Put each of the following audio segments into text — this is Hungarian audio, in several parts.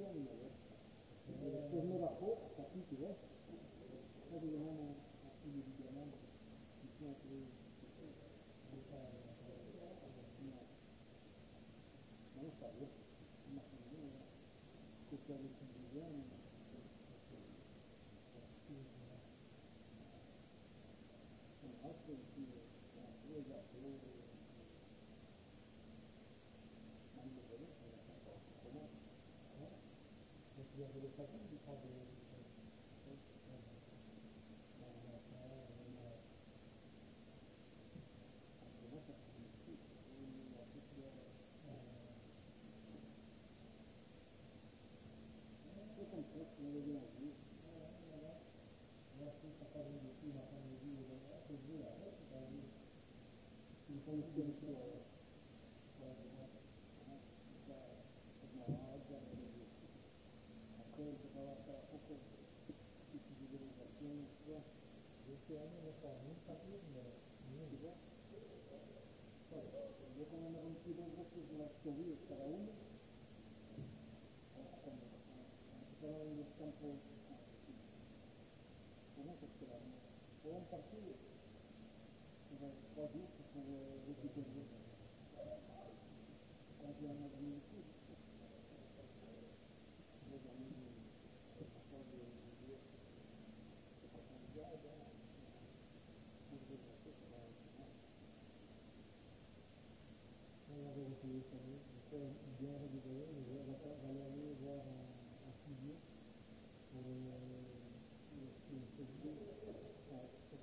Gracias. on parcours. Ils ont trois jours pour récupérer. Quand j'ai un avis aussi. La vérité, c'est bien récupéré, mais je vais aller voir un studio pour le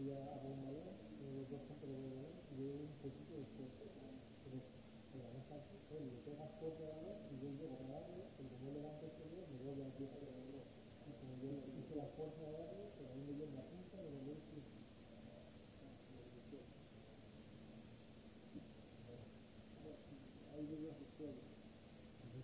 Yeah.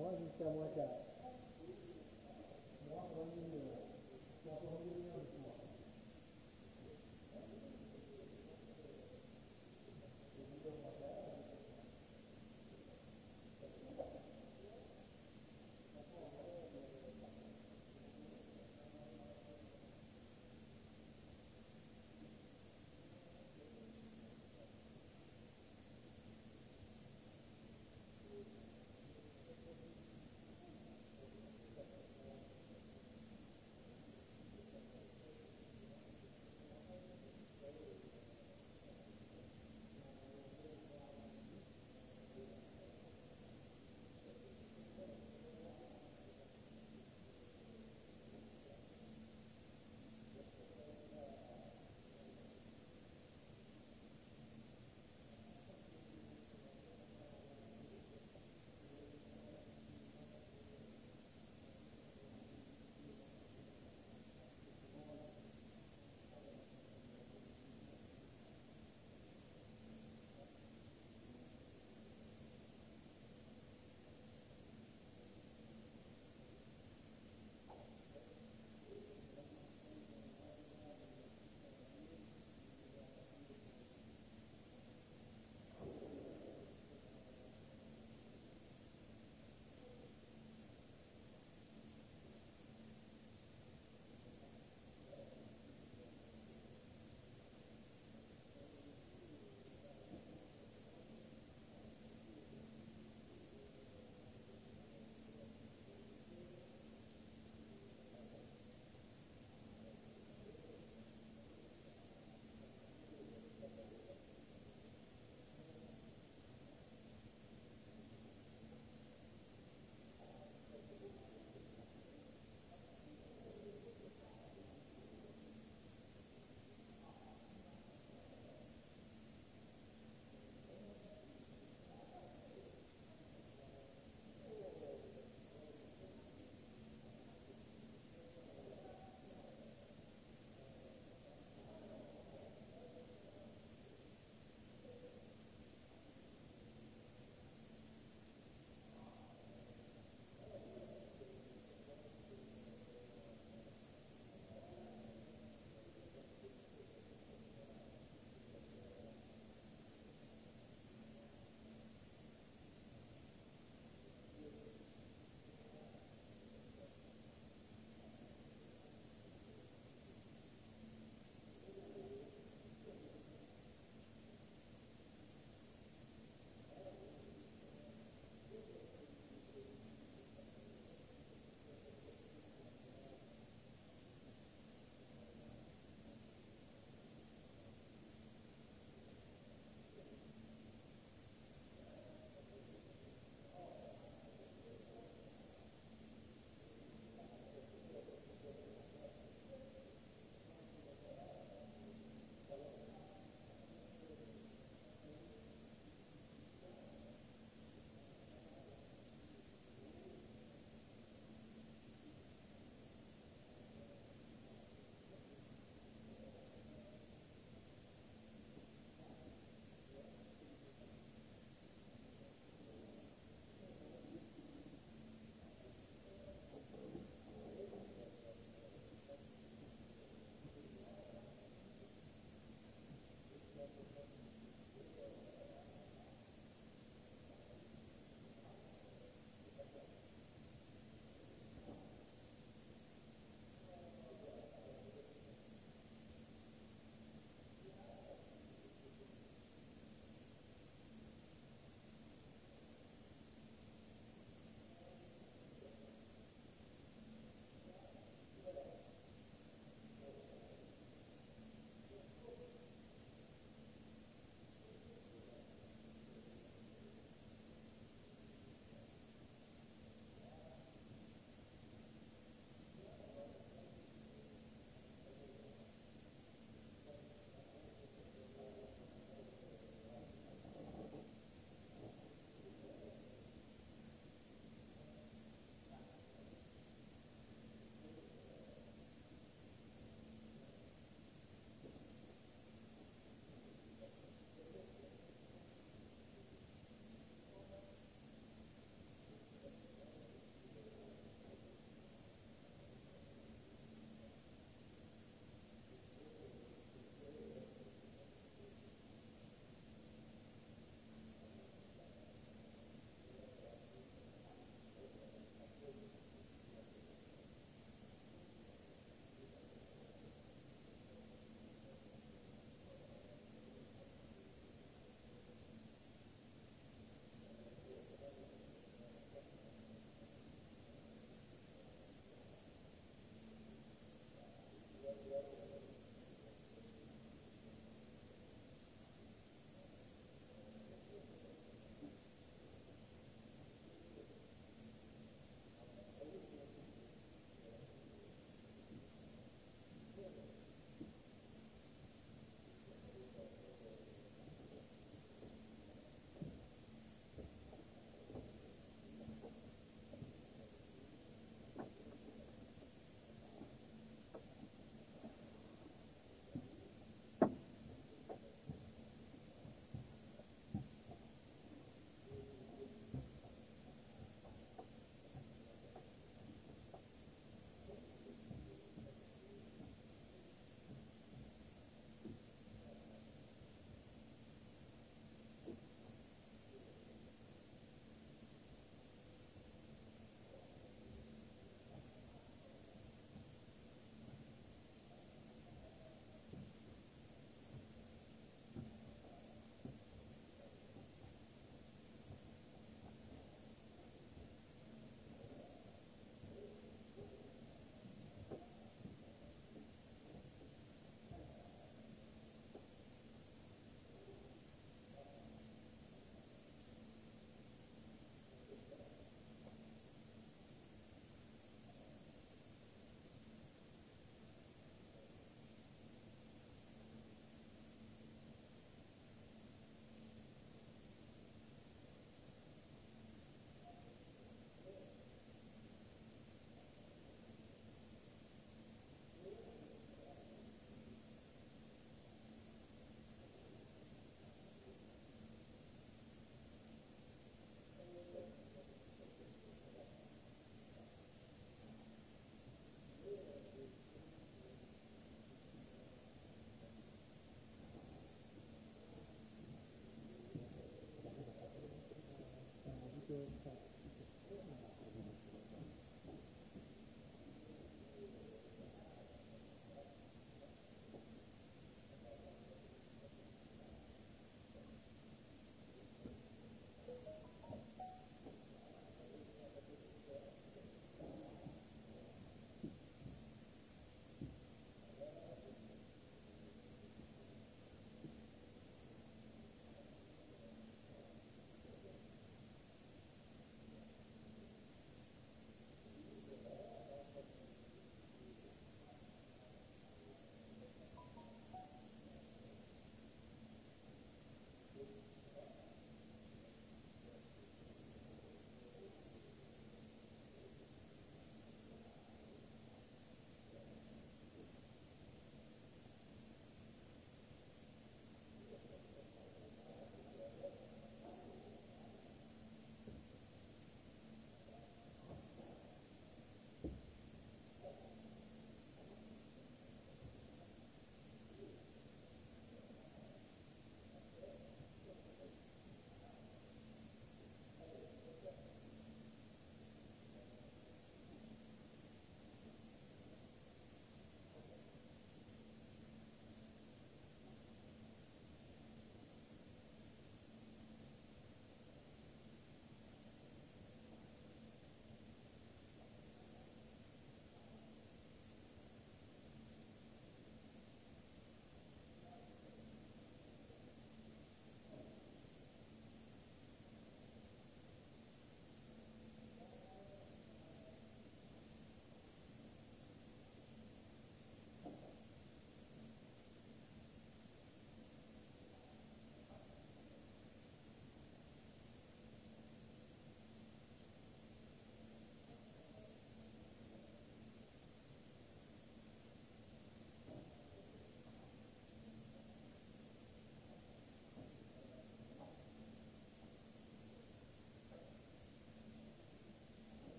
Moi, jusqu'à moins 40.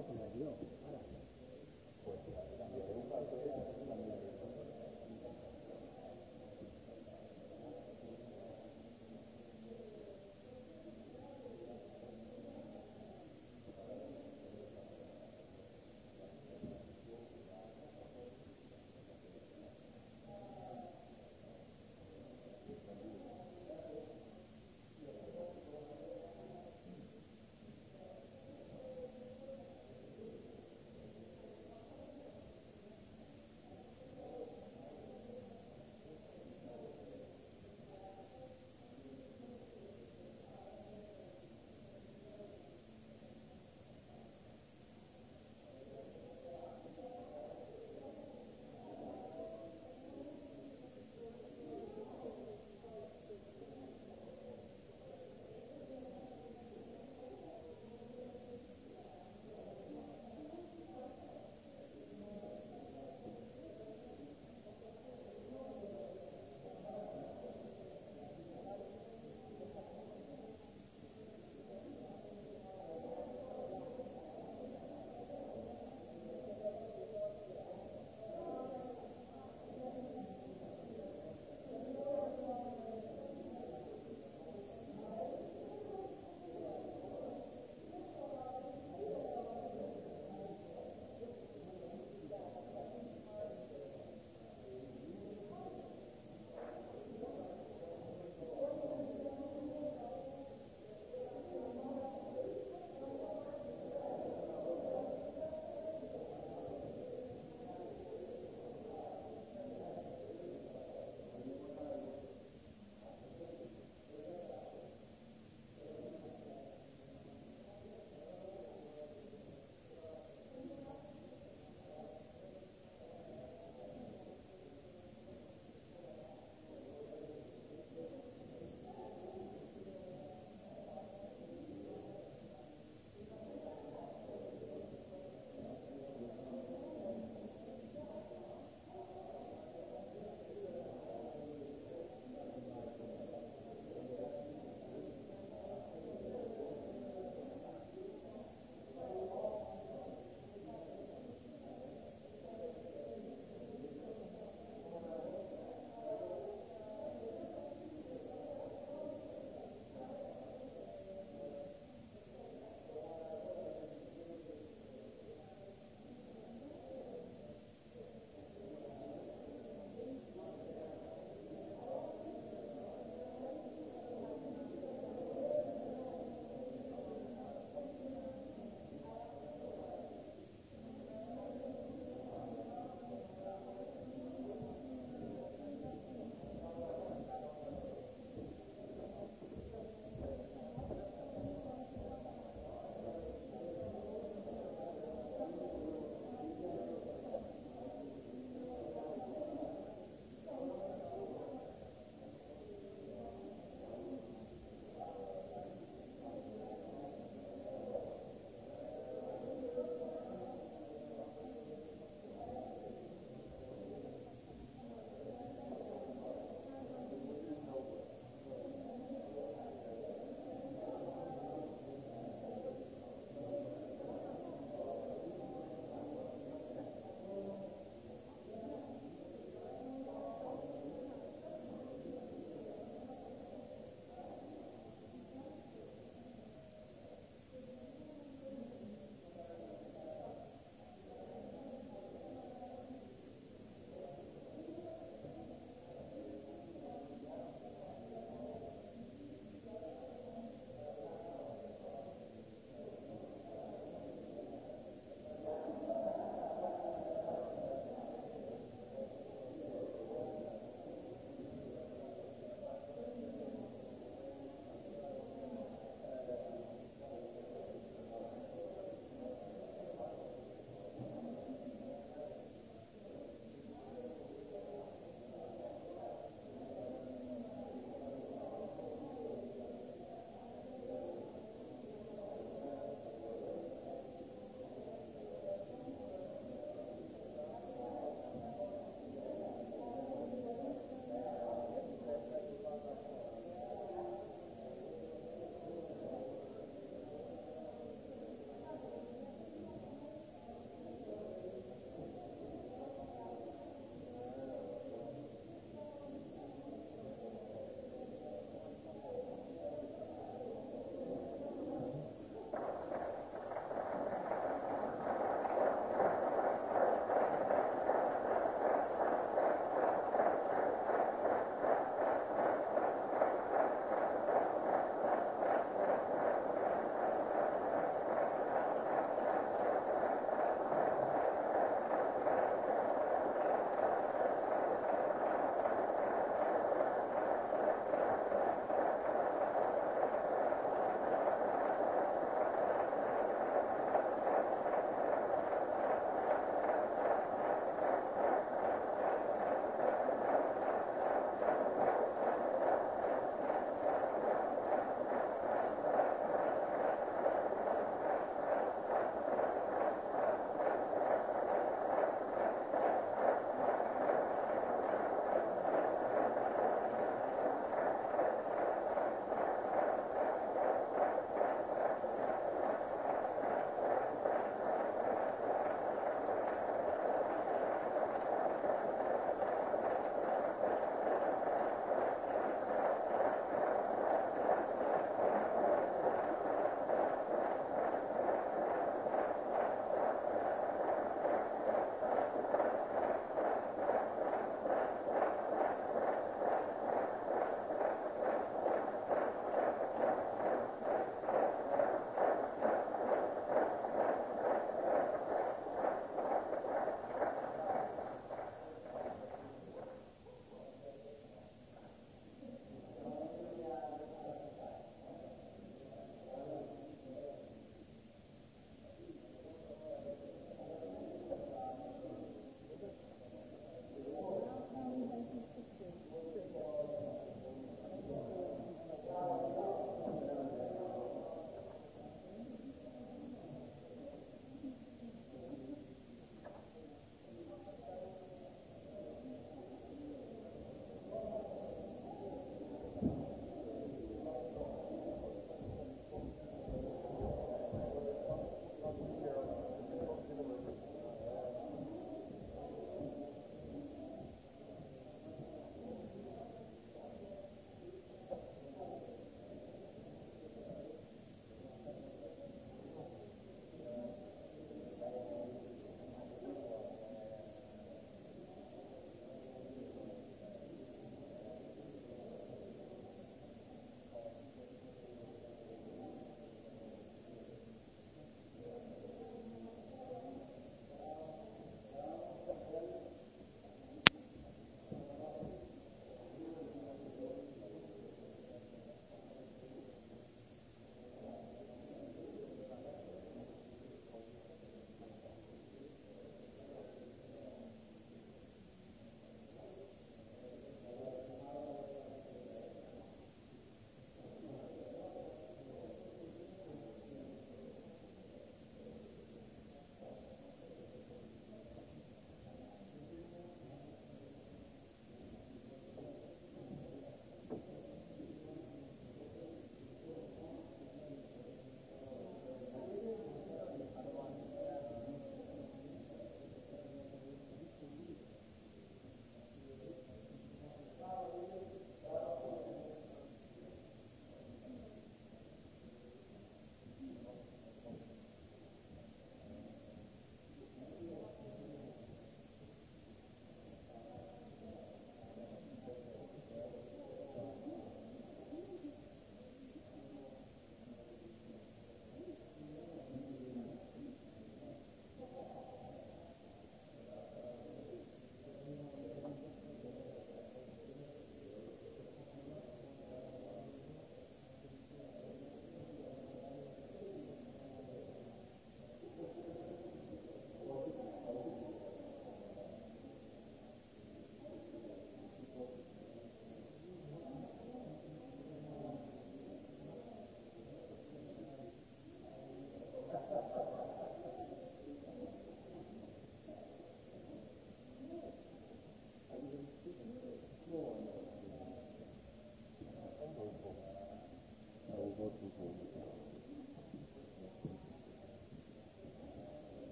kapod egy jó?